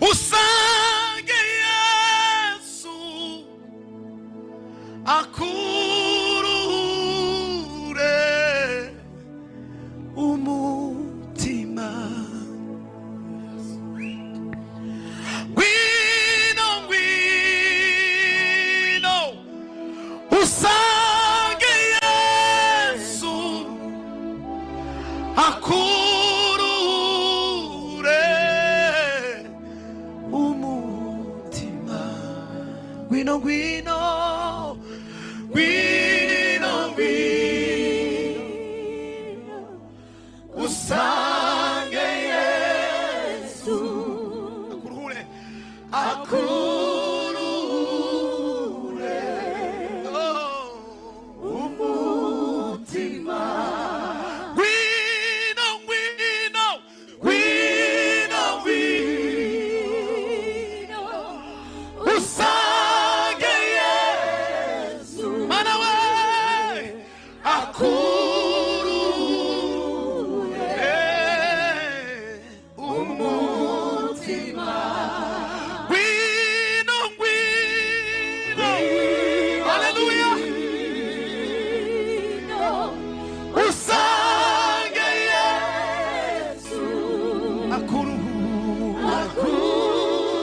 O sangue é isso. A cura Guino, Guino, Guino, Guino, o sangue é Jesus, a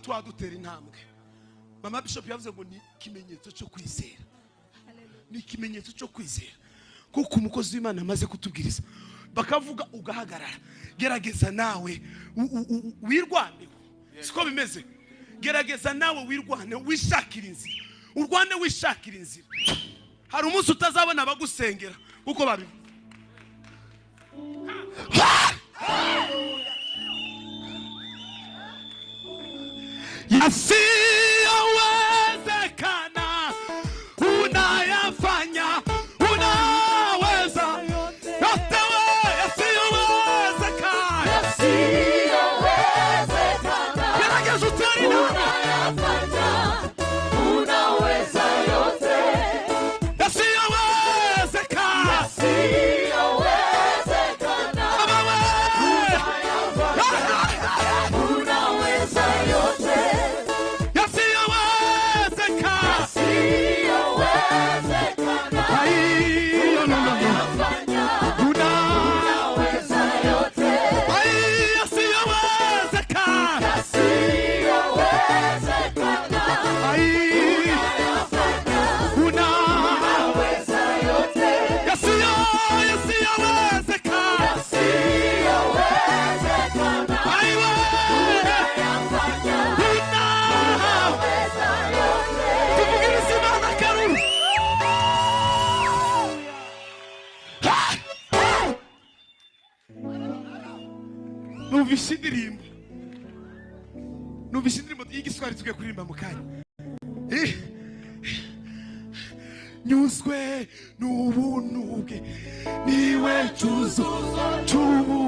tuba intambwe mama bishop yavuze ngo ni ikimenyetso cyo kwizera ni ikimenyetso cyo kwizera kuko umukozi w'imana amaze kutubwiriza bakavuga ugahagarara gerageza nawe wirwaneho siko bimeze gerageza nawe wirwaneho wishakira inzira urwane wishakira inzira hari umunsi utazabona abagusengera kuko babivuga see. não vestidiríamos. numvise indirimbo y'igiswahili tugiye kuririmba mu kanya nyuzwe n'ubuntu bwe niwe cyuzo cy'ubu